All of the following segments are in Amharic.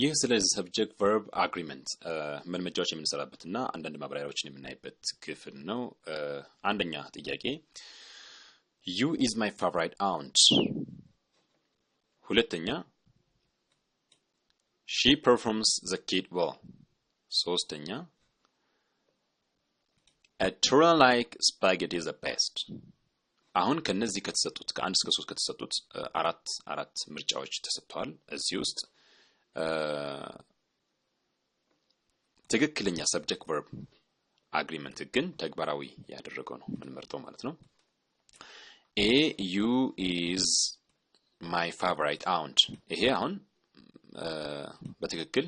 ይህ ስለ ሰብጀክት ቨርብ አግሪመንት መልመጃዎች የምንሰራበት እና አንዳንድ ማብራሪያዎችን የምናይበት ክፍል ነው። አንደኛ ጥያቄ ዩ ኢዝ ማይ ፋቨራይት አውንት። ሁለተኛ ሺ ፐርፎርምስ ዘ ኪድ ዌል። ሶስተኛ ኤ ላይክ ስፓጌቲ ዘ ቤስት። አሁን ከነዚህ ከተሰጡት ከአንድ እስከ ሶስት ከተሰጡት አራት አራት ምርጫዎች ተሰጥተዋል። እዚህ ውስጥ ትክክለኛ ሰብጀክት ቨርብ አግሪመንት ግን ተግባራዊ ያደረገው ነው የምንመርጠው ማለት ነው። ኤ ዩ ኢዝ ማይ ፋቨራይት አውንት። ይሄ አሁን በትክክል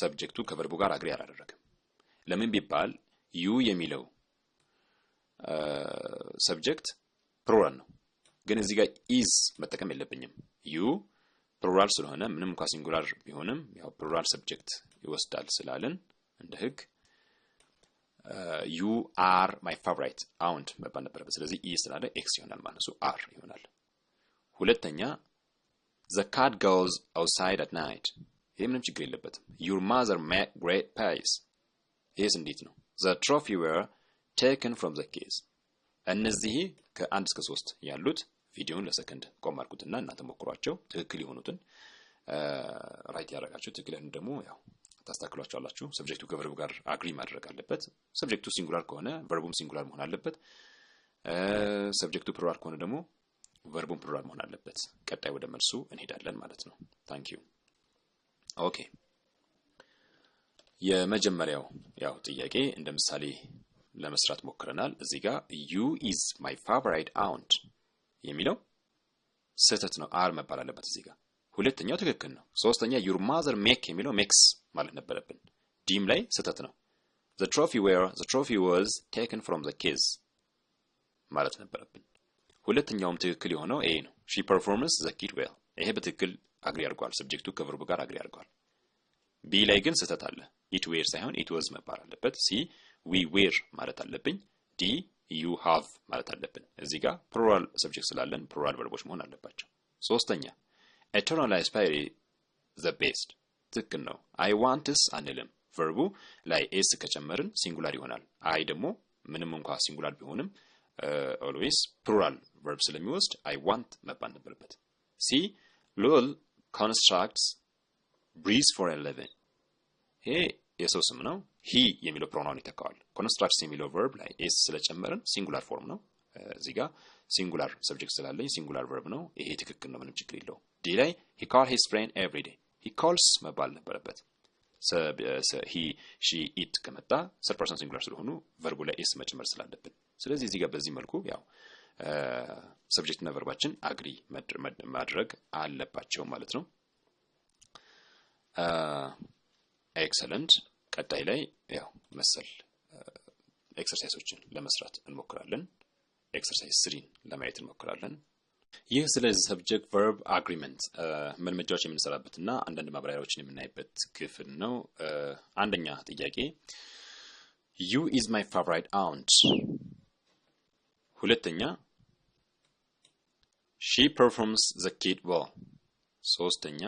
ሰብጀክቱ ከቨርቡ ጋር አግሪ አላደረግም። ለምን ቢባል ዩ የሚለው ሰብጀክት ፕሮራል ነው፣ ግን እዚህ ጋር ኢዝ መጠቀም የለብኝም ዩ ፕሉራል ስለሆነ ምንም እንኳ ሲንጉላር ቢሆንም ያው ፕሉራል ሰብጀክት ይወስዳል ስላልን እንደ ህግ ዩ አር ማይ ፋቮራይት አውንት መባል ነበረበት። ስለዚህ ኢ ስላለ ኤክስ ይሆናል ማለት ነው። አር ይሆናል። ሁለተኛ ዘ ካድ ጎዝ አውትሳይድ አት ናይት፣ ይሄ ምንም ችግር የለበትም። ዩር ማዘር ሜክ ግሬት ፓይስ፣ ይሄስ እንዴት ነው? ዘ ትሮፊ ዌር ቴክን ፍሮም ዘ ኬዝ። እነዚህ ከአንድ እስከ ሶስት ያሉት ቪዲዮውን ለሰከንድ ቆም አድርጉትና እናንተ ሞክሯቸው። ትክክል የሆኑትን ራይት ያደረጋችሁ ትክክል ያሉት ደግሞ ያው ታስተካክሏቸዋላችሁ። ሰብጀክቱ ከቨርቡ ጋር አግሪ ማድረግ አለበት። ሰብጀክቱ ሲንጉላር ከሆነ ቨርቡም ሲንጉላር መሆን አለበት። ሰብጀክቱ ፕሉራል ከሆነ ደግሞ ቨርቡም ፕሉራል መሆን አለበት። ቀጣይ ወደ መልሱ እንሄዳለን ማለት ነው። ታንክ ዩ ኦኬ። የመጀመሪያው ያው ጥያቄ እንደ ምሳሌ ለመስራት ሞክረናል። እዚህ ጋር ዩ ኢዝ ማይ ፋቨራይት አውንት የሚለው ስህተት ነው። አር መባል አለበት እዚህ ጋር። ሁለተኛው ትክክል ነው። ሶስተኛ ዩር ማዘር ሜክ የሚለው ሜክስ ማለት ነበረብን። ዲም ላይ ስህተት ነው። ዘ ትሮፊ ዌር ዘ ትሮፊ was ቴክን ፍሮም ዘ ኬዝ ማለት ነበረብን። ሁለተኛውም ትክክል የሆነው ኤ ነው። ሺ performs ዘ ኪድ ዌል። ይሄ በትክክል አግሪ አድርጓል። ሰብጀክቱ ከቨርቡ ጋር አግሪ አድርጓል። ቢ ላይ ግን ስህተት አለ። ኢት ዌር ሳይሆን ኢት ወዝ መባል አለበት። ሲ ዊ ዌር ማለት አለብኝ። ዲ ዩ ሃቭ ማለት አለብን። እዚህ ጋር ፕሉራል ሰብጀክት ስላለን ፕሉራል ቨርቦች መሆን አለባቸው። ሶስተኛ ኤተርናል ኤክስፓየሪ ዘ ቤስት ትክክል ነው። አይ ዋንትስ አንልም። ቨርቡ ላይ ኤስ ከጨመርን ሲንጉላር ይሆናል። አይ ደግሞ ምንም እንኳ ሲንጉላር ቢሆንም ኦልዌይስ ፕሉራል ቨርብ ስለሚወስድ አይ ዋንት መባል ነበረበት። ሲ ሉል ኮንስትራክትስ ብሪዝ ፎር ኤ ሊቪንግ ይሄ የሰው ስም ነው። ሂ የሚለው ፕሮናውን ይተካዋል። ኮንስትራክት የሚለው ቨርብ ላይ ኤስ ስለጨመርን ሲንጉላር ፎርም ነው። እዚህ ጋር ሲንጉላር ሰብጀክት ስላለኝ ሲንጉላር ቨርብ ነው። ይሄ ትክክል ነው፣ ምንም ችግር የለው። ዲ ላይ ሂ ካል ሂዝ ፍሬንድ ኤቭሪ ዴይ ሂ ኮልስ መባል ነበረበት። ሂ ሺ ኢት ከመጣ ሰርድ ፐርሰን ሲንጉላር ስለሆኑ ቨርቡ ላይ ኤስ መጨመር ስላለብን፣ ስለዚህ እዚህ ጋር በዚህ መልኩ ያው ሰብጀክትና ቨርባችን አግሪ ማድረግ አለባቸው ማለት ነው። ኤክሰለንት ቀጣይ ላይ ያው መሰል ኤክሰርሳይሶችን ለመስራት እንሞክራለን። ኤክሰርሳይዝ ስሪን ለማየት እንሞክራለን። ይህ ስለ ሰብጀክት ቨርብ አግሪመንት መልመጃዎች የምንሰራበት እና አንዳንድ ማብራሪያዎችን የምናይበት ክፍል ነው። አንደኛ ጥያቄ ዩ ኢዝ ማይ ፋቨራይት አውንት። ሁለተኛ ሺ ፐርፎርምስ ዘ ኪድ ዌል። ሶስተኛ